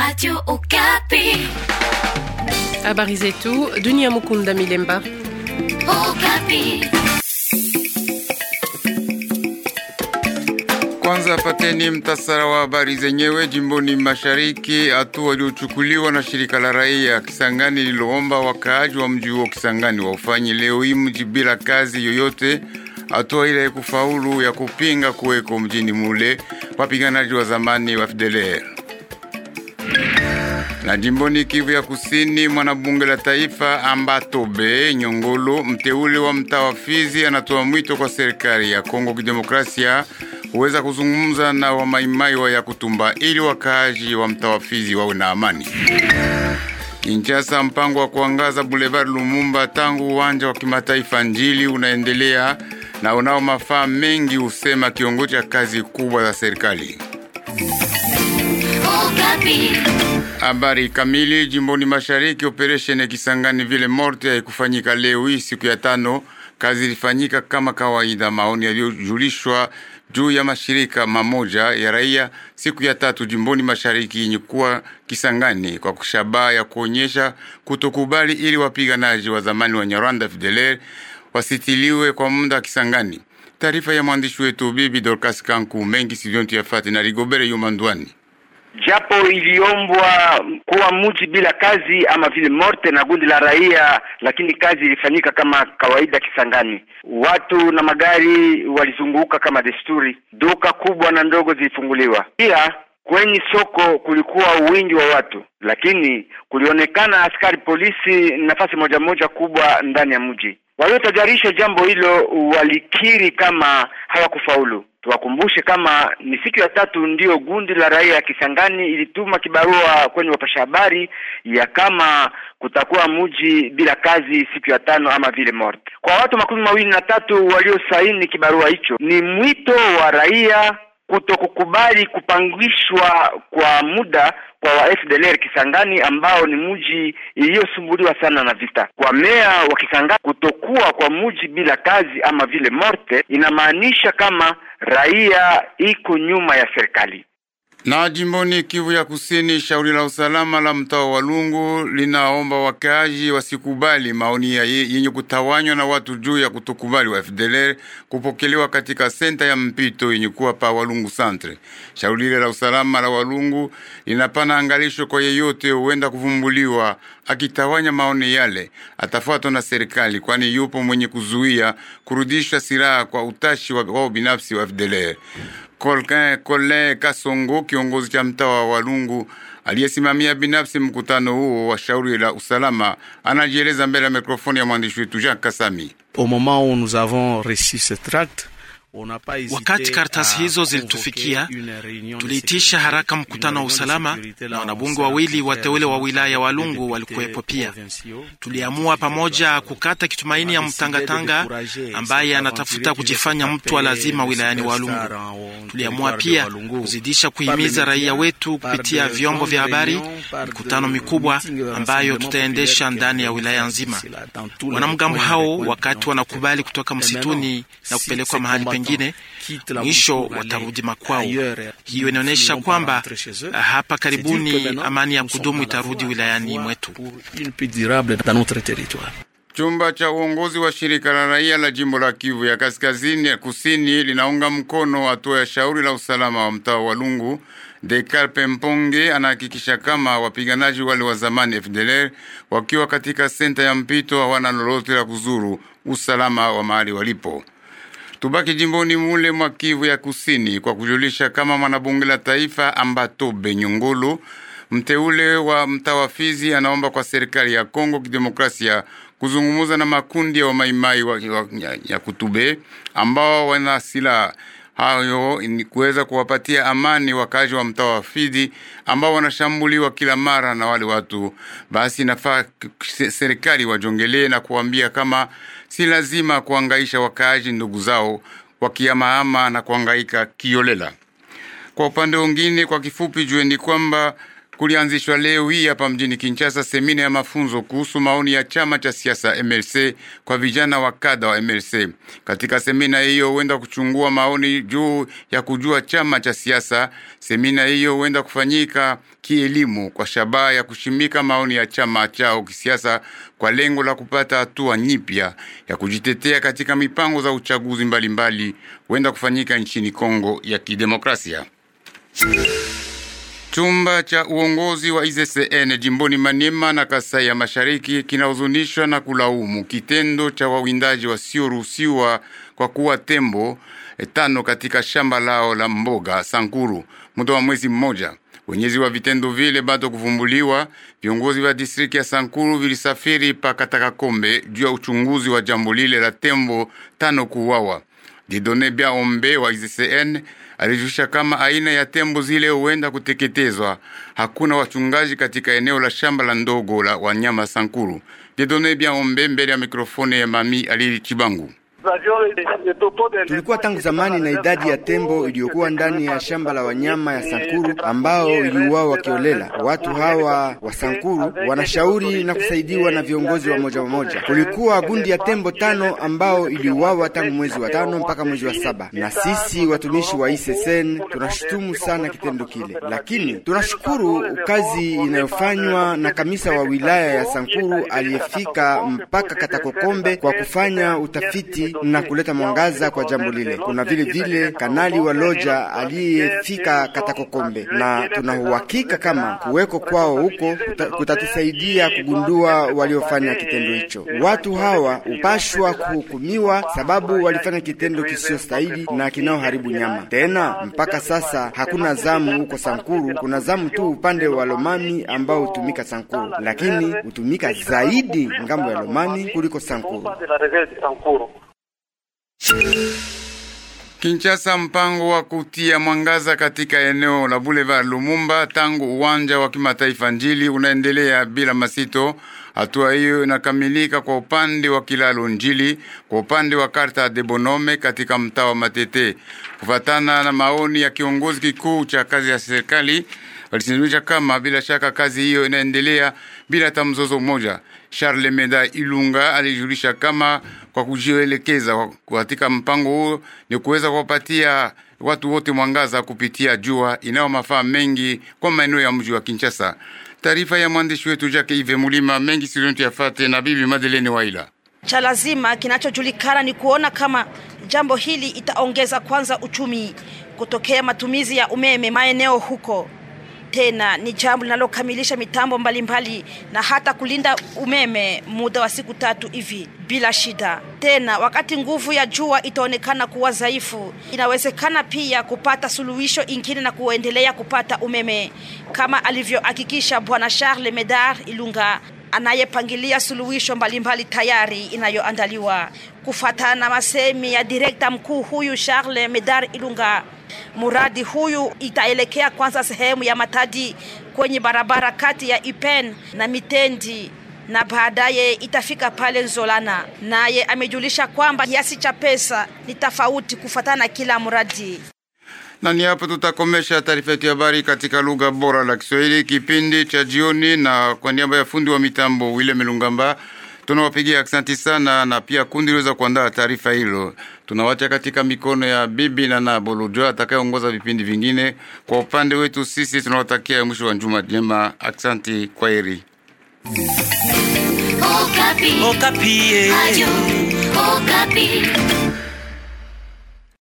Radio Okapi. Habari zetu dunia mukunda milemba. Okapi. Kwanza pateni mtasara wa habari zenyewe. Jimboni mashariki, hatua iliyochukuliwa na shirika la raia Kisangani liloomba wakaaji wa mji huo Kisangani waufanye leo hii mji bila kazi yoyote. Hatua ile ya kufaulu ya kupinga kuweko mjini mule wapiganaji wa zamani wa FDLR na jimboni Kivu ya Kusini, mwanabunge la taifa Ambatobe Nyongolo, mteule wa mtaa wa Fizi, anatoa mwito kwa serikali ya Kongo Kidemokrasia huweza kuzungumza na wamaimai wa Yakutumba ili wakaaji wa mtaa wa Fizi wawe na amani. Kinshasa, mpango wa kuangaza Boulevard Lumumba tangu uwanja wa kimataifa Njili unaendelea na unao mafaa mengi, husema kiongozi cha kazi kubwa za serikali. Oh, Habari kamili jimboni mashariki, operesheni ya Kisangani vile morte haikufanyika leo hii siku ya tano. Kazi ilifanyika kama kawaida. Maoni yaliyojulishwa juu ya mashirika mamoja ya raia siku ya tatu jimboni mashariki yenye kuwa Kisangani kwa kushabaha ya kuonyesha kutokubali ili wapiganaji wa zamani wa Nyarwanda FDLR wasitiliwe kwa muda Kisangani. Taarifa ya mwandishi wetu bibi Dorcas Kanku mengi sidiontu yafate na Rigobere Yumandwani japo iliombwa kuwa mji bila kazi ama vile morte na gundi la raia, lakini kazi ilifanyika kama kawaida Kisangani. Watu na magari walizunguka kama desturi, duka kubwa na ndogo zilifunguliwa. Pia kwenye soko kulikuwa wingi wa watu, lakini kulionekana askari polisi nafasi moja moja kubwa ndani ya mji. Waliotajarisha jambo hilo walikiri kama hawakufaulu. Tuwakumbushe kama ni siku ya tatu ndiyo gundi la raia ya Kisangani ilituma kibarua kwenye wapasha habari ya kama kutakuwa mji bila kazi siku ya tano ama vile mort. Kwa watu makumi mawili na tatu waliosaini kibarua hicho, ni mwito wa raia kutokukubali kupangishwa kwa muda kwa wa FDLR Kisangani ambao ni mji iliyosumbuliwa sana na vita. Kwa meya wa Kisangani kutokuwa kwa mji bila kazi ama vile morte inamaanisha kama raia iko nyuma ya serikali. Na jimboni Kivu ya Kusini, shauri la usalama la mtaa wa Lungu linaomba wakaaji wasikubali maoni yenye kutawanywa na watu juu ya kutokubali wa FDLR kupokelewa katika senta ya mpito yenye kuwa pa Walungu Centre. Shauri lile la usalama la Walungu linapana angalisho kwa yeyote huenda kuvumbuliwa akitawanya maoni yale, atafuatwa na serikali, kwani yupo mwenye kuzuia kurudisha silaha kwa utashi wa binafsi wa FDLR. Colquin Colin Kasongo, kiongozi cha mtawa wa Walungu aliyesimamia binafsi mkutano huo wa shauri la usalama, anajieleza mbele ya mikrofoni ya mwandishi wetu Kasami. Au moment où nous avons reçu ce tract Wakati ah, karatasi hizo zilitufikia, tuliitisha haraka mkutano wa usalama, na wanabunge wawili wateule wa wilaya Walungu walikuwepo pia. Tuliamua pamoja kukata kitumaini ya mtangatanga ambaye anatafuta kujifanya mtu wa lazima wilayani Walungu. Tuliamua pia kuzidisha kuhimiza raia wetu kupitia vyombo vya habari, mikutano mikubwa ambayo tutaendesha ndani ya wilaya nzima. Wanamgambo hao wakati wanakubali kutoka msituni na kupelekwa mahali wengine mwisho watarudi makwao. Hiyo inaonyesha kwamba eh, hapa karibuni amani ya kudumu itarudi wilayani mwetu. Chumba cha uongozi wa shirika la raia la jimbo la Kivu ya kaskazini ya kusini linaunga mkono hatua ya shauri la usalama wa mtaa wa Lungu. Dekar Mponge anahakikisha kama wapiganaji wale wa zamani FDLR wakiwa katika senta ya mpito hawana lolote la kuzuru usalama wa mahali walipo. Tubaki jimboni mule mwa Kivu ya Kusini kwa kujulisha kama mwanabunge la taifa Ambatobe Nyungulu mteule wa mtawafizi anaomba kwa serikali ya Kongo Kidemokrasia kuzungumuza na makundi ya wa maimai wa, wa, ya, ya kutube ambao wana silaha Hayo ni kuweza kuwapatia amani wakazi wa mtaa wa Fidi ambao wanashambuliwa kila mara na wale watu. Basi nafaa serikali wajongelee na kuambia kama si lazima kuangaisha wakazi ndugu zao wakiamaama na kuangaika kiolela. Kwa upande wengine, kwa kifupi, jueni kwamba kulianzishwa leo hii hapa mjini Kinshasa semina ya mafunzo kuhusu maoni ya chama cha siasa MLC kwa vijana wa kadha wa MLC. Katika semina hiyo huenda kuchungua maoni juu ya kujua chama cha siasa. Semina hiyo huenda kufanyika kielimu kwa shabaha ya kushimika maoni ya chama chao kisiasa kwa lengo la kupata hatua nyipya ya kujitetea katika mipango za uchaguzi mbalimbali huenda mbali kufanyika nchini Kongo ya Kidemokrasia. Chumba cha uongozi wa IZCN jimboni manema na Kasai ya Mashariki kinahuzunishwa na kulaumu kitendo cha wawindaji wasioruhusiwa kwa kuwa tembo eh, tano katika shamba lao la mboga Sankuru muda wa mwezi mmoja. Wenyezi wa vitendo vile bado kuvumbuliwa. Viongozi wa distriki ya Sankuru vilisafiri pa Katakakombe juu ya uchunguzi wa jambo lile la tembo tano kuuawa. Didone ombe wa IZCN Alijulisha kama aina ya tembo zile huenda kuteketezwa. Hakuna wachungaji katika eneo la shamba la ndogo la wanyama Sankuru. Dedone Bia Ombe mbele ya mikrofoni ya mami Alili Chibangu. Tulikuwa tangu zamani na idadi ya tembo iliyokuwa ndani ya shamba la wanyama ya Sankuru ambao iliuawa wakiolela. Watu hawa wa Sankuru wanashauri na kusaidiwa na viongozi wa moja moja. Kulikuwa gundi ya tembo tano ambao iliuawa tangu mwezi wa tano mpaka mwezi wa saba, na sisi watumishi wa ISSN tunashutumu sana kitendo kile, lakini tunashukuru kazi inayofanywa na kamisa wa wilaya ya Sankuru aliyefika mpaka Katakokombe kwa kufanya utafiti na kuleta mwangaza kwa jambo lile. Kuna vile vile kanali wa Loja aliyefika Katakokombe, na uhakika kama kuweko kwao huko kutatusaidia kugundua waliofanya kitendo hicho. Watu hawa upashwa kuhukumiwa, sababu walifanya kitendo kisiyostahili na kinaoharibu nyama. Tena mpaka sasa hakuna zamu huko Sankuru, kuna zamu tu upande wa Lomami ambao hutumika Sankuru, lakini hutumika zaidi ngambo ya Lomami kuliko Sankuru. Kinshasa, mpango wa kutia mwangaza katika eneo la Boulevard Lumumba tangu uwanja wa kimataifa Njili unaendelea bila masito. Hatua hiyo inakamilika kwa upande wa kilalo Njili kwa upande wa karta de Bonome katika mtaa wa Matete, kufatana na maoni ya kiongozi kikuu cha kazi ya serikali walisindulisha kama bila shaka kazi hiyo inaendelea bila hata mzozo mmoja. Charles Meda Ilunga alijulisha kama kwa kujielekeza katika mpango huo ni kuweza kuwapatia watu wote mwangaza kupitia jua inayo mafaa mengi kwa maeneo ya mji wa Kinshasa. Taarifa ya mwandishi wetu Jake Ive Mulima mengi siliontu yafate na bibi Madeleine Waila. Cha lazima kinachojulikana ni kuona kama jambo hili itaongeza kwanza uchumi kutokea matumizi ya umeme maeneo huko tena ni jambo linalokamilisha mitambo mbalimbali mbali, na hata kulinda umeme muda wa siku tatu hivi bila shida tena. Wakati nguvu ya jua itaonekana kuwa dhaifu, inawezekana pia kupata suluhisho ingine na kuendelea kupata umeme kama alivyohakikisha Bwana Charles Medar Ilunga anayepangilia suluhisho mbalimbali tayari inayoandaliwa kufuatana na masemi ya direkta mkuu huyu Charles Medar Ilunga. Mradi huyu itaelekea kwanza sehemu ya Matadi kwenye barabara kati ya Ipen na Mitendi na baadaye itafika pale Nzolana. Naye amejulisha kwamba kiasi cha pesa ni tofauti kufatana kila mradi. Na ni hapo tutakomesha taarifa yetu ya habari katika lugha bora la Kiswahili kipindi cha jioni, na kwa niaba ya fundi wa mitambo Wile Melungamba tunawapigia asanti sana, na pia kundi liweza kuandaa taarifa hilo tunawacha katika mikono ya bibi na na Bolujo atakayeongoza vipindi vingine. Kwa upande wetu sisi tunawatakia mwisho wa njuma jema. Aksanti, kwaheri. Okapi. Okapi. Eh. Ayu, Okapi.